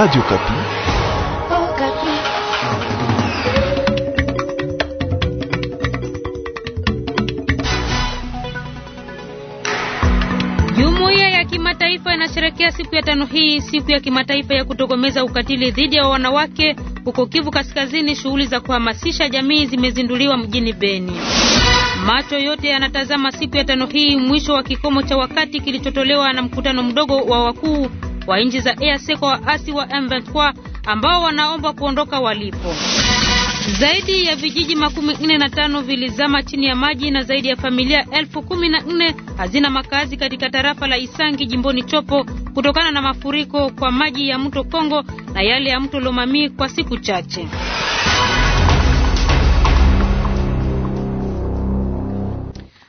Radio Kapi. Oh, Kapi. Jumuiya ya kimataifa inasherehekea siku ya tano hii, siku ya kimataifa ya kutokomeza ukatili dhidi ya wanawake huko Kivu Kaskazini. Shughuli za kuhamasisha jamii zimezinduliwa mjini Beni. Macho yote yanatazama siku ya tano hii, mwisho wa kikomo cha wakati kilichotolewa na mkutano mdogo wa wakuu wa nchi za EAC kwa waasi wa M23 ambao wanaomba kuondoka walipo. Zaidi ya vijiji makumi nne na tano vilizama chini ya maji na zaidi ya familia elfu kumi na nne hazina makazi katika tarafa la Isangi jimboni Chopo kutokana na mafuriko kwa maji ya mto Kongo na yale ya mto Lomami kwa siku chache.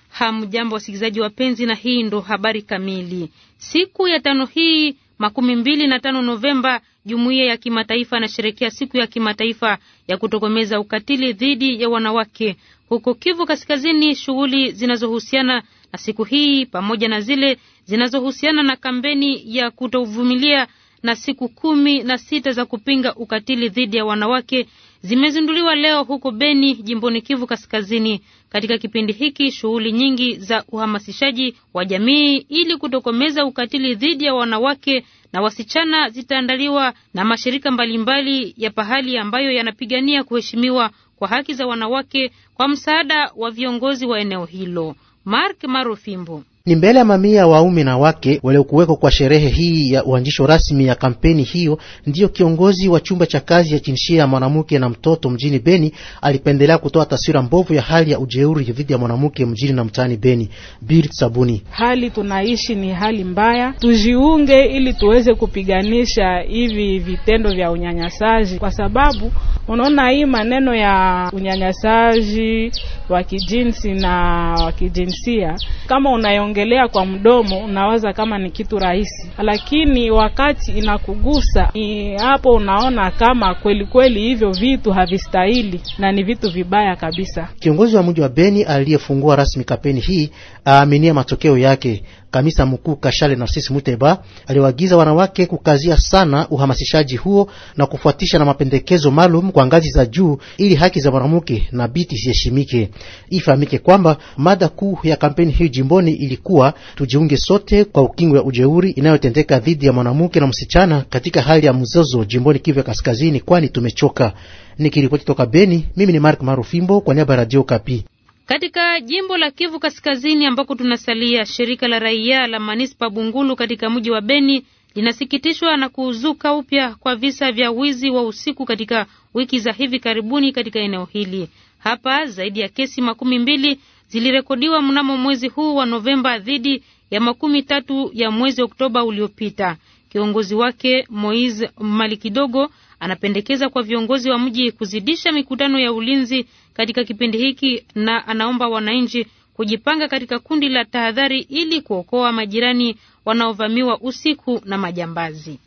Hamjambo wasikilizaji wapenzi, na hii ndo habari kamili siku ya tano hii makumi mbili na tano Novemba, jumuiya ya kimataifa inasherekea siku ya kimataifa ya kutokomeza ukatili dhidi ya wanawake. Huko Kivu Kaskazini, shughuli zinazohusiana na siku hii pamoja na zile zinazohusiana na kampeni ya kutovumilia na siku kumi na sita za kupinga ukatili dhidi ya wanawake zimezinduliwa leo huko Beni, jimboni Kivu Kaskazini. Katika kipindi hiki shughuli nyingi za uhamasishaji wa jamii ili kutokomeza ukatili dhidi ya wanawake na wasichana zitaandaliwa na mashirika mbalimbali ya pahali ambayo yanapigania kuheshimiwa kwa haki za wanawake kwa msaada wa viongozi wa eneo hilo. Mark Marofimbo ni mbele ya mamia waume na wake waliokuweko kwa sherehe hii ya uanzisho rasmi ya kampeni hiyo, ndiyo kiongozi wa chumba cha kazi ya jinsia ya mwanamke na mtoto mjini Beni alipendelea kutoa taswira mbovu ya hali ya ujeuri dhidi ya mwanamke mjini na mtaani Beni. Bir Sabuni: hali tunaishi ni hali mbaya, tujiunge ili tuweze kupiganisha hivi vitendo vya unyanyasaji, kwa sababu unaona hii maneno ya unyanyasaji wa kijinsi na wa kijinsia kama unayong kuongelea kwa mdomo unawaza kama ni kitu rahisi, lakini wakati inakugusa ni hapo unaona kama kweli kweli hivyo vitu havistahili na ni vitu vibaya kabisa. Kiongozi wa mji wa Beni aliyefungua rasmi kampeni hii aaminia matokeo yake. Kamisa mkuu Kashale Narcisse Muteba aliwaagiza wanawake kukazia sana uhamasishaji huo na kufuatisha na mapendekezo maalum kwa ngazi za juu ili haki za mwanamke na binti ziheshimike. Ifahamike kwamba mada kuu ya kampeni hiyo jimboni ili kuwa tujiunge sote kwa ukingo ya ujeuri inayotendeka dhidi ya mwanamke na msichana katika hali ya mzozo jimboni Kivu ya Kaskazini, kwani tumechoka. Nikiripoti toka Beni, mimi ni Mark Marufimbo kwa niaba ya Radio Kapi. Katika jimbo la Kivu Kaskazini ambako tunasalia, shirika la raia la manispa Bungulu katika mji wa Beni linasikitishwa na kuzuka upya kwa visa vya wizi wa usiku katika wiki za hivi karibuni katika eneo hili. Hapa zaidi ya kesi makumi mbili zilirekodiwa mnamo mwezi huu wa Novemba dhidi ya makumi tatu ya mwezi Oktoba uliopita. Kiongozi wake Moise Mali Kidogo anapendekeza kwa viongozi wa mji kuzidisha mikutano ya ulinzi katika kipindi hiki na anaomba wananchi kujipanga katika kundi la tahadhari ili kuokoa majirani wanaovamiwa usiku na majambazi.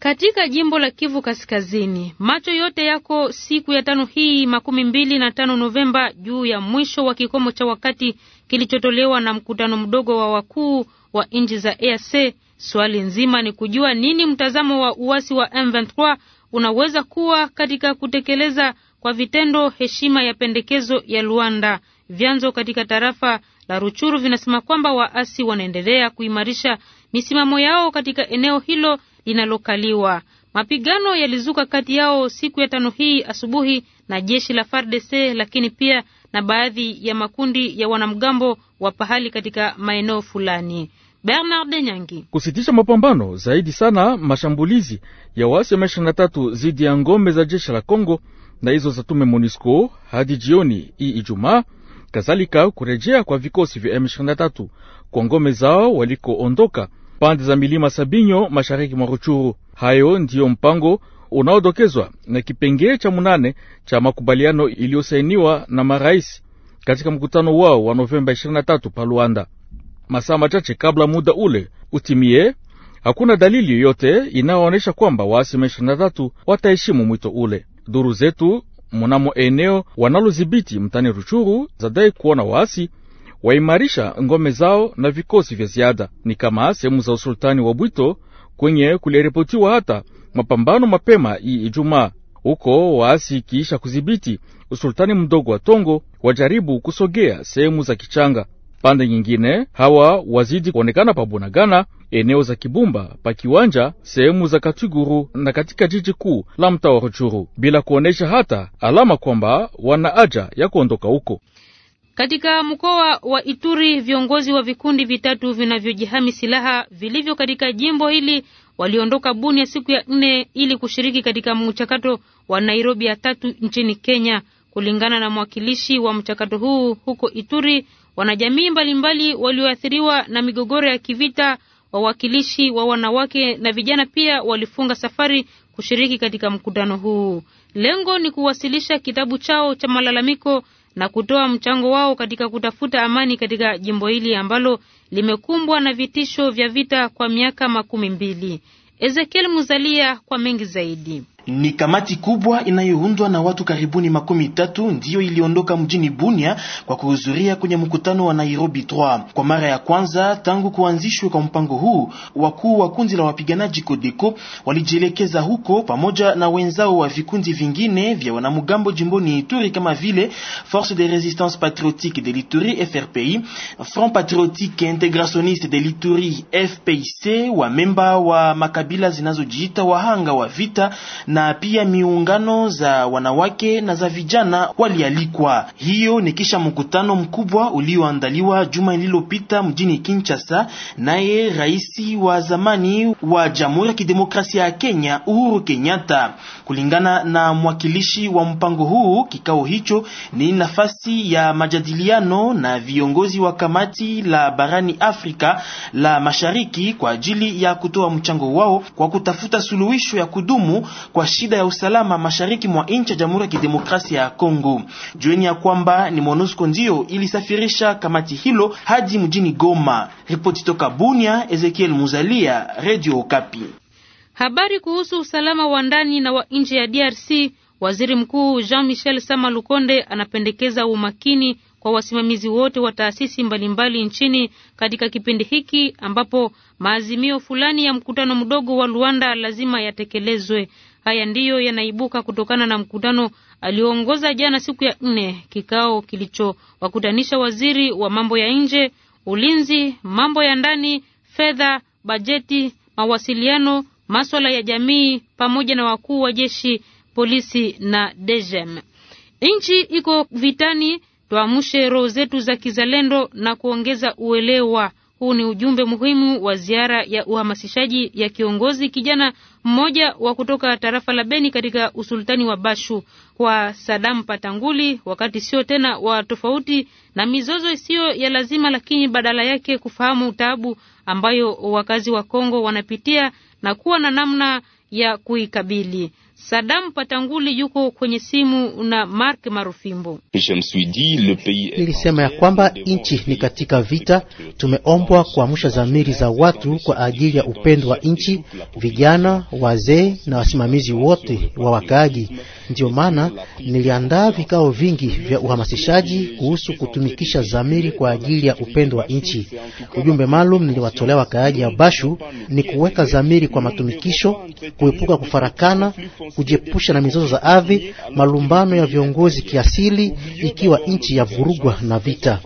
Katika jimbo la Kivu Kaskazini, macho yote yako siku ya tano hii makumi mbili na tano Novemba juu ya mwisho wa kikomo cha wakati kilichotolewa na mkutano mdogo wa wakuu wa nchi za EAC. Swali nzima ni kujua nini mtazamo wa uasi wa M23 unaweza kuwa katika kutekeleza kwa vitendo heshima ya pendekezo ya Luanda. Vyanzo katika tarafa la Ruchuru vinasema kwamba waasi wanaendelea kuimarisha misimamo yao katika eneo hilo linalokaliwa. Mapigano yalizuka kati yao siku ya tano hii asubuhi na jeshi la FARDC lakini pia na baadhi ya makundi ya wanamgambo wa pahali katika maeneo fulani. Bernard Nyangi. Kusitisha mapambano zaidi sana mashambulizi ya waasi wa M23 dhidi ya ngome za jeshi la Kongo na hizo za tume MONUSCO hadi jioni hii Ijumaa, kadhalika kurejea kwa vikosi vya M23 kwa ngome zao walikoondoka pande za milima Sabinyo mashariki mwa Ruchuru. Hayo ndiyo mpango unaodokezwa na kipengee cha munane cha makubaliano iliyosainiwa na marais katika mkutano wao wa Novemba 23 pa Luanda. Masaa machache kabla muda ule utimie, hakuna dalili yoyote inayoonyesha kwamba waasi M23 wataheshimu mwito ule. Duru zetu munamo eneo wanalodhibiti mtani Ruchuru zadai kuona waasi waimarisha ngome zao na vikosi vya ziada, ni kama sehemu za usultani wa Bwito kwenye kuliripotiwa hata mapambano mapema hii Ijumaa. Huko waasi kiisha kudhibiti usultani mdogo wa Tongo wajaribu kusogea sehemu za Kichanga. Pande nyingine hawa wazidi kuonekana Bunagana, eneo za Kibumba, pa Kiwanja, sehemu za Katwiguru na katika jiji kuu la mtaa wa Ruchuru, bila kuonesha hata alama kwamba wana haja ya kuondoka huko. Katika mkoa wa Ituri, viongozi wa vikundi vitatu vinavyojihami silaha vilivyo katika jimbo hili waliondoka Bunia siku ya nne ili kushiriki katika mchakato wa Nairobi ya tatu nchini Kenya. Kulingana na mwakilishi wa mchakato huu huko Ituri, wanajamii mbalimbali walioathiriwa na migogoro ya kivita, wawakilishi wa wanawake na vijana pia walifunga safari kushiriki katika mkutano huu. Lengo ni kuwasilisha kitabu chao cha malalamiko na kutoa mchango wao katika kutafuta amani katika jimbo hili ambalo limekumbwa na vitisho vya vita kwa miaka makumi mbili. Ezekiel Muzalia kwa mengi zaidi. Ni kamati kubwa inayoundwa na watu karibuni makumi tatu ndiyo iliondoka mjini Bunia kwa kuhudhuria kwenye mkutano wa Nairobi 3 kwa mara ya kwanza tangu kuanzishwa kwa mpango huu. Wakuu wa kundi la wapiganaji Kodeko walijielekeza huko pamoja na wenzao wa vikundi vingine vya wanamgambo jimboni Ituri kama vile Force de Resistance Patriotique de l'Ituri FRPI, Front Patriotique Integrationiste de l'Ituri FPIC, wa memba wa makabila zinazojiita wahanga wa vita na na pia miungano za wanawake na za vijana walialikwa. Hiyo ni kisha mkutano mkubwa ulioandaliwa juma lililopita mjini Kinshasa, naye rais wa zamani wa Jamhuri ya Kidemokrasia ya Kenya Uhuru Kenyatta. Kulingana na mwakilishi wa mpango huu, kikao hicho ni nafasi ya majadiliano na viongozi wa kamati la barani Afrika la Mashariki kwa ajili ya kutoa mchango wao kwa kutafuta suluhisho ya kudumu kwa kwa shida ya usalama mashariki mwa nchi ya Jamhuri ya Kidemokrasia ya Kongo. Jueni ya kwamba ni MONUSCO ndiyo ilisafirisha kamati hilo hadi mjini Goma. Ripoti toka Bunia, Ezekiel Muzalia, Radio Okapi. Habari kuhusu usalama wa ndani na wa nje ya DRC. Waziri Mkuu Jean-Michel Sama Lukonde anapendekeza umakini kwa wasimamizi wote wa taasisi mbalimbali nchini katika kipindi hiki ambapo maazimio fulani ya mkutano mdogo wa Luanda lazima yatekelezwe. Haya ndiyo yanaibuka kutokana na mkutano alioongoza jana siku ya nne, kikao kilichowakutanisha waziri wa mambo ya nje, ulinzi, mambo ya ndani, fedha, bajeti, mawasiliano, maswala ya jamii pamoja na wakuu wa jeshi, polisi na DGM. Nchi iko vitani, tuamshe roho zetu za kizalendo na kuongeza uelewa huu ni ujumbe muhimu wa ziara ya uhamasishaji ya kiongozi kijana mmoja wa kutoka tarafa la Beni katika usultani wa Bashu kwa Sadam Patanguli, wakati sio tena wa tofauti na mizozo isiyo ya lazima, lakini badala yake kufahamu taabu ambayo wakazi wa Kongo wanapitia na kuwa na namna ya kuikabili. Sadamu Patanguli yuko kwenye simu na Mark Marufimbo. Nilisema ya kwamba nchi ni katika vita. Tumeombwa kuamsha dhamiri za watu kwa ajili ya upendo wa nchi, vijana, wazee na wasimamizi wote wa wakaaji. Ndiyo maana niliandaa vikao vingi vya uhamasishaji kuhusu kutumikisha dhamiri kwa ajili ya upendo wa nchi. Ujumbe maalum niliwatolea wakaaji ya Bashu ni kuweka dhamiri kwa matumikisho, kuepuka kufarakana kujiepusha na mizozo za ardhi, malumbano ya viongozi kiasili, ikiwa nchi ya vurugwa na vita.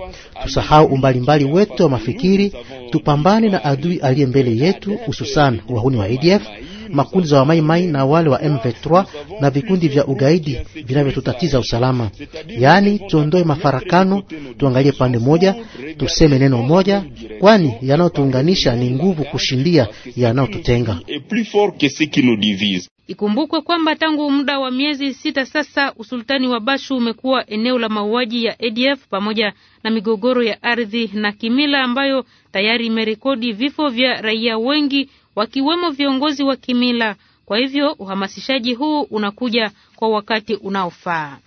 Tusahau umbalimbali wetu wa mafikiri, tupambane na adui aliye mbele yetu, hususan wahuni wa ADF makundi za wamaimai na wale wa M23 na vikundi vya ugaidi vinavyotutatiza usalama. Yaani, tuondoe mafarakano, tuangalie pande moja, tuseme neno moja, kwani yanayotuunganisha ni nguvu kushindia yanayotutenga. Ikumbukwe kwamba tangu muda wa miezi sita sasa usultani wa Bashu umekuwa eneo la mauaji ya ADF pamoja na migogoro ya ardhi na kimila ambayo tayari imerekodi vifo vya raia wengi wakiwemo viongozi wa kimila. Kwa hivyo uhamasishaji huu unakuja kwa wakati unaofaa.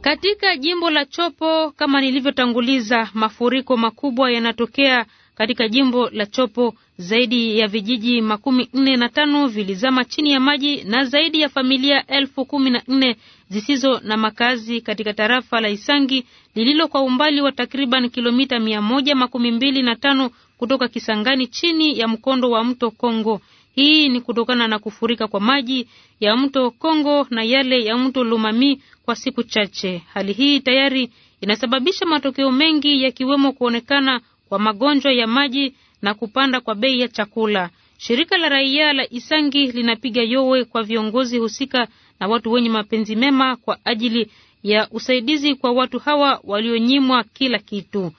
Katika jimbo la Chopo, kama nilivyotanguliza, mafuriko makubwa yanatokea katika jimbo la Chopo. Zaidi ya vijiji makumi nne na tano vilizama chini ya maji na zaidi ya familia elfu kumi na nne zisizo na makazi katika tarafa la Isangi lililo kwa umbali wa takriban kilomita mia moja makumi mbili na tano kutoka Kisangani chini ya mkondo wa mto Kongo. Hii ni kutokana na kufurika kwa maji ya mto Kongo na yale ya mto Lumami kwa siku chache. Hali hii tayari inasababisha matokeo mengi yakiwemo kuonekana wa magonjwa ya maji na kupanda kwa bei ya chakula. Shirika la raia la Isangi linapiga yowe kwa viongozi husika na watu wenye mapenzi mema kwa ajili ya usaidizi kwa watu hawa walionyimwa kila kitu.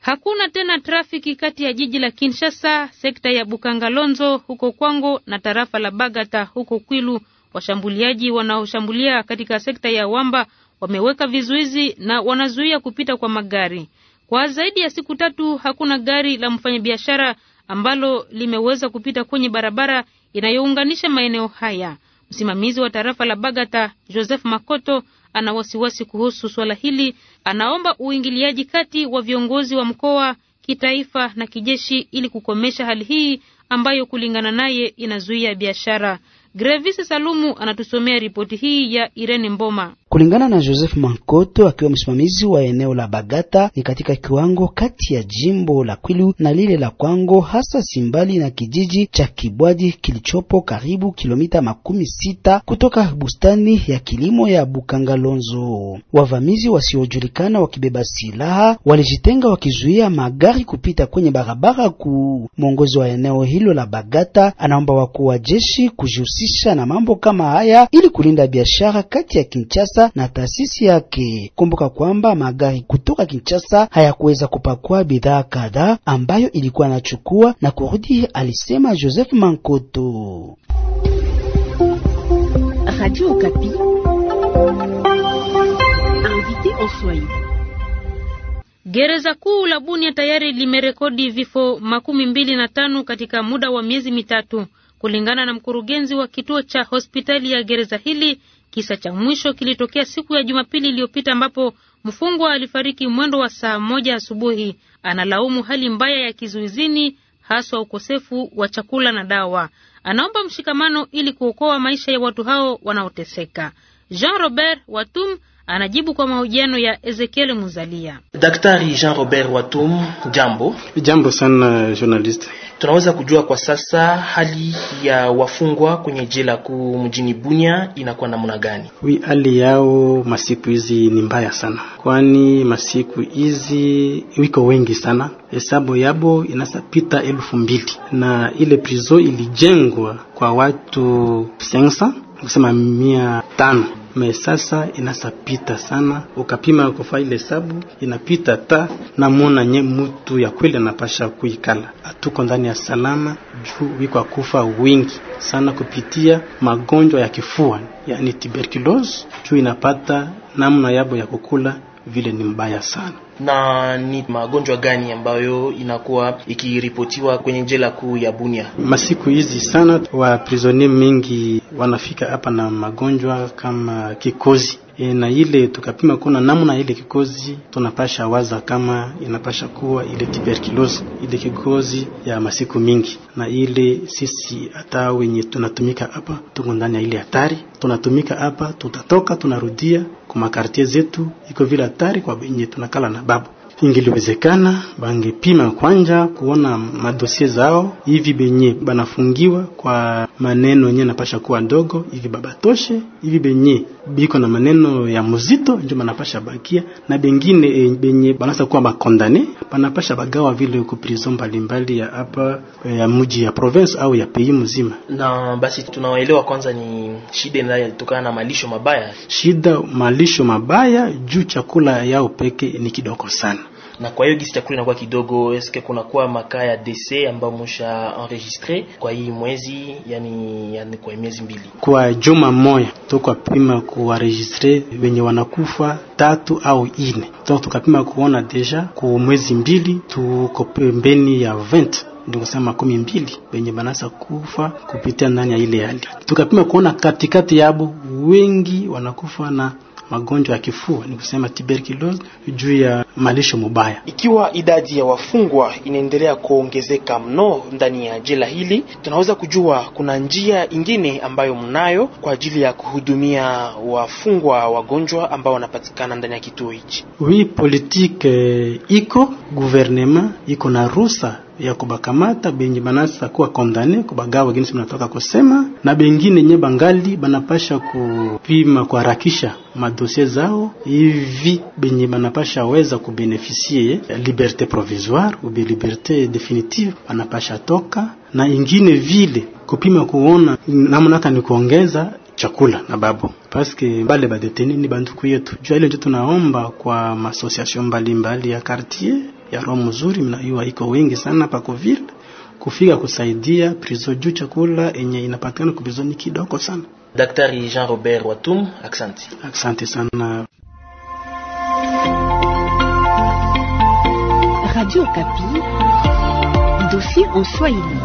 Hakuna tena trafiki kati ya jiji la Kinshasa, sekta ya Bukangalonzo huko Kwango na tarafa la Bagata huko Kwilu. Washambuliaji wanaoshambulia katika sekta ya Wamba wameweka vizuizi na wanazuia kupita kwa magari. Kwa zaidi ya siku tatu hakuna gari la mfanyabiashara ambalo limeweza kupita kwenye barabara inayounganisha maeneo haya. Msimamizi wa tarafa la Bagata, Joseph Makoto, ana wasiwasi kuhusu swala hili. Anaomba uingiliaji kati wa viongozi wa mkoa, kitaifa na kijeshi ili kukomesha hali hii ambayo kulingana naye inazuia biashara. Grevis Salumu anatusomea ripoti hii ya Irene Mboma. Kulingana na Joseph Mankoto akiwa msimamizi wa eneo la Bagata, ni katika kiwango kati ya jimbo la Kwilu na lile la Kwango, hasa Simbali na kijiji cha Kibwaji kilichopo karibu kilomita makumi sita kutoka bustani ya kilimo ya Bukangalonzo. Wavamizi wasiojulikana wakibeba silaha walijitenga wakizuia magari kupita kwenye barabara kuu. Mwongozi wa eneo hilo la Bagata anaomba wakuu wa jeshi kujihusisha na mambo kama haya ili kulinda biashara kati ya Kinshasa Kinshasa na taasisi yake. Kumbuka kwamba magari kutoka Kinshasa hayakuweza kupakua bidhaa kadhaa ambayo ilikuwa anachukua na kurudi, alisema Joseph Mankoto. Radio Gereza kuu la Bunia tayari limerekodi vifo makumi mbili na tano katika muda wa miezi mitatu kulingana na mkurugenzi wa kituo cha hospitali ya gereza hili Kisa cha mwisho kilitokea siku ya Jumapili iliyopita ambapo mfungwa alifariki mwendo wa saa moja asubuhi. Analaumu hali mbaya ya kizuizini, haswa ukosefu wa chakula na dawa. Anaomba mshikamano ili kuokoa maisha ya watu hao wanaoteseka. Jean Robert Watum anajibu kwa mahojiano ya Ezekiel Muzalia. Daktari Jean Robert Watum, jambo. Jambo sana journalist. Tunaweza kujua kwa sasa hali ya wafungwa kwenye jela kuu mjini Bunia inakuwa namna gani? Wi, hali yao masiku hizi ni mbaya sana, kwani masiku hizi wiko wengi sana, hesabu yabo inasapita elfu mbili na ile prizo ilijengwa kwa watu sensa kusema mia tano mesasa inasapita sana, ukapima kufa ile sabu inapita ta namona nye mutu ya kweli anapasha kuikala. Atuko ndani ya salama juu wiko akufa wingi sana kupitia magonjwa ya kifua, yani tuberculose, juu inapata namna yabo ya kukula vile ni mbaya sana na ni magonjwa gani ambayo inakuwa ikiripotiwa kwenye jela kuu ya Bunia masiku hizi? Sana waprisonier mingi wanafika hapa na magonjwa kama kikozi E, na ile tukapima kuna namna ile kikozi tunapasha waza kama inapasha kuwa ile tuberculosis ile kikozi ya masiku mingi, na ile sisi hata wenye tunatumika hapa tuko ndani ya ile hatari, tunatumika hapa tutatoka, tunarudia kumakartie zetu iko vile hatari kwa benye tunakala na babu. Ingeliwezekana bangepima kwanja kuona madosie zao hivi benye banafungiwa kwa maneno yenyewe napasha kuwa ndogo hivi babatoshe hivi benye biko na maneno ya muzito ndio banapasha bakia na bengine e, benye banasa kuwa bakondane banapasha bagawa vile ku prison mbalimbali ya hapa eh, ya mji ya province au ya pays mzima. Na basi tunawaelewa kwanza ni shida inayotokana na malisho mabaya, shida malisho mabaya juu chakula yao peke ni kidogo sana na kwa hiyo gisi chakula inakuwa kidogo, eske kunakuwa makaa ya DC ambayo musha enregistre kwa hii mwezi yani, yani kwa miezi mbili kwa juma moja tuko pima kuwaregistre wenye wanakufa tatu au ine, donc tukapima kuona deja ku mwezi mbili tuko pembeni ya 20 ndio kusema makumi mbili wenye banasa kufa kupitia ndani ya ile hali. Tukapima kuona katikati yabo wengi wanakufa na magonjwa ya kifua, ni kusema tuberculosis, juu ya malisho mubaya. Ikiwa idadi ya wafungwa inaendelea kuongezeka mno ndani ya jela hili, tunaweza kujua kuna njia ingine ambayo mnayo kwa ajili ya kuhudumia wafungwa wagonjwa ambao wanapatikana ndani ya kituo hichi? Wi politike eh, iko, gouvernement iko na rusa ya kubakamata benye banasa kuwa kondane kubagawa wengine simnatoka kusema na bengine nye bangali banapasha kupima kuharakisha madosie zao hivi benye banapasha weza kubenefisie liberte provisoire ube liberte definitive banapasha toka na ingine vile kupima kuona namnaka ni kuongeza chakula na babo paske bale badeteni ni banduku yetu jua ile njo tunaomba kwa maasosiasio mbalimbali ya quartier ya roho mzuri, mnaiwa iko wengi sana pa COVID kufika kusaidia prizo juu chakula enye inapatikana kuprizoni kidogo sana. Daktari Jean Robert Watum, aksanti. Aksanti sana. Radio Kapi, dosi en Swahili.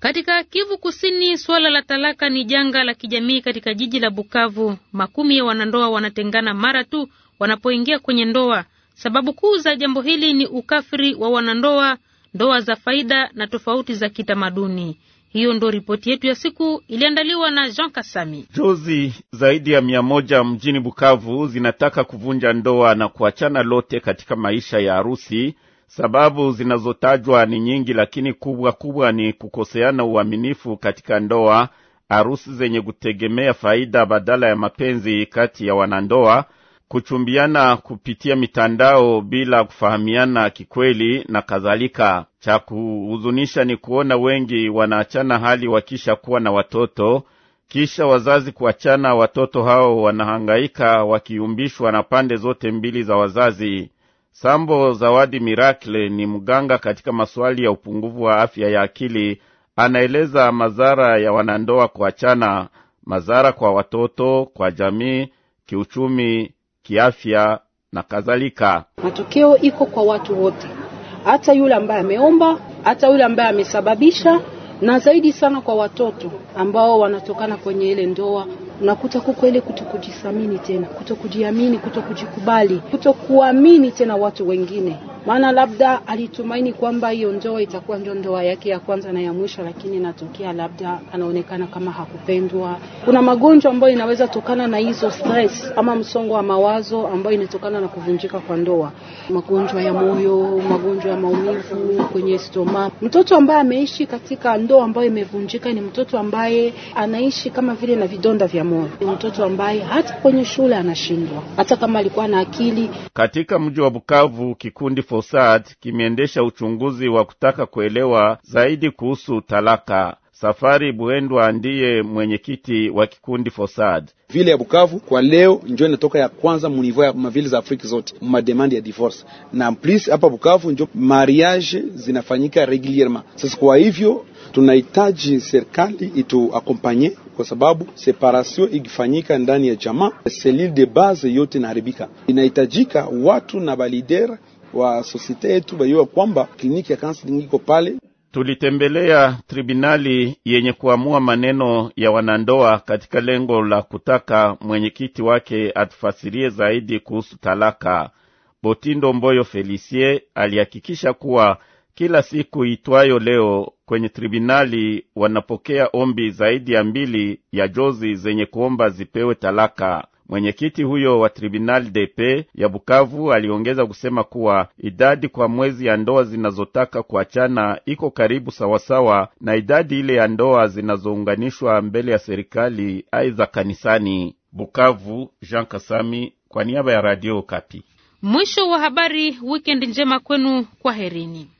Katika Kivu Kusini, swala la talaka ni janga la kijamii katika jiji la Bukavu. Makumi ya wanandoa wanatengana mara tu wanapoingia kwenye ndoa. Sababu kuu za jambo hili ni ukafiri wa wanandoa, ndoa za faida na tofauti za kitamaduni. Hiyo ndo ripoti yetu ya siku iliandaliwa na Jean Kasami. Jozi zaidi ya mia moja mjini Bukavu zinataka kuvunja ndoa na kuachana lote katika maisha ya harusi. Sababu zinazotajwa ni nyingi, lakini kubwa kubwa ni kukoseana uaminifu katika ndoa, harusi zenye kutegemea faida badala ya mapenzi kati ya wanandoa, kuchumbiana kupitia mitandao bila kufahamiana kikweli na kadhalika. Cha kuhuzunisha ni kuona wengi wanaachana hali wakisha kuwa na watoto, kisha wazazi kuachana, watoto hao wanahangaika wakiumbishwa na pande zote mbili za wazazi. Sambo Zawadi Miracle ni mganga katika masuali ya upungufu wa afya ya akili. Anaeleza madhara ya wanandoa kuachana, madhara kwa watoto, kwa jamii, kiuchumi kiafya na kadhalika. Matokeo iko kwa watu wote, hata yule ambaye ameomba, hata yule ambaye amesababisha, na zaidi sana kwa watoto ambao wanatokana kwenye ile ndoa unakuta kuko ile kutokujisamini tena, kutokujiamini, kutokujikubali, kutokuamini tena watu wengine. Maana labda alitumaini kwamba hiyo ndoa itakuwa ndio ndoa yake ya kwanza na ya mwisho, lakini inatokea labda anaonekana kama hakupendwa. Kuna magonjwa ambayo inaweza tokana na hizo stress ama msongo wa mawazo ambayo inatokana na kuvunjika kwa ndoa, magonjwa ya moyo, magonjwa ya maumivu kwenye stoma. Mtoto ambaye ameishi katika ndoa ambayo imevunjika ni mtoto ambaye anaishi kama vile na vidonda vya moyo. Ni mtoto ambaye hata kwenye shule anashindwa, hata kama alikuwa na akili. Katika mji wa Bukavu, kikundi Fosad kimeendesha uchunguzi wa kutaka kuelewa zaidi kuhusu talaka. Safari Buendwa ndiye mwenyekiti wa kikundi Fosad vile ya Bukavu. Kwa leo njo inatoka ya kwanza munivo ya mavili za Afrika zote mademande ya divorce na plus hapa Bukavu njo mariage zinafanyika regulierement. Sasa kwa hivyo tunahitaji serikali itu akompanye kwa sababu separation ikifanyika ndani ya jamaa selile de base yote inaharibika. Inahitajika watu na balidera wa sosiete yetu bayua kwamba kliniki ya counseling iko pale tulitembelea tribinali yenye kuamua maneno ya wanandoa katika lengo la kutaka mwenyekiti wake atufasirie zaidi kuhusu talaka. Botindo Mboyo Felisie alihakikisha kuwa kila siku itwayo leo kwenye tribinali wanapokea ombi zaidi ya mbili ya jozi zenye kuomba zipewe talaka. Mwenyekiti huyo wa Tribunal de Paix ya Bukavu aliongeza kusema kuwa idadi kwa mwezi ya ndoa zinazotaka kuachana iko karibu sawasawa na idadi ile ya ndoa zinazounganishwa mbele ya serikali aiza kanisani. Bukavu, Jean Kasami kwa niaba ya Radio Kapi. Mwisho wa habari. Weekend njema kwenu, herini.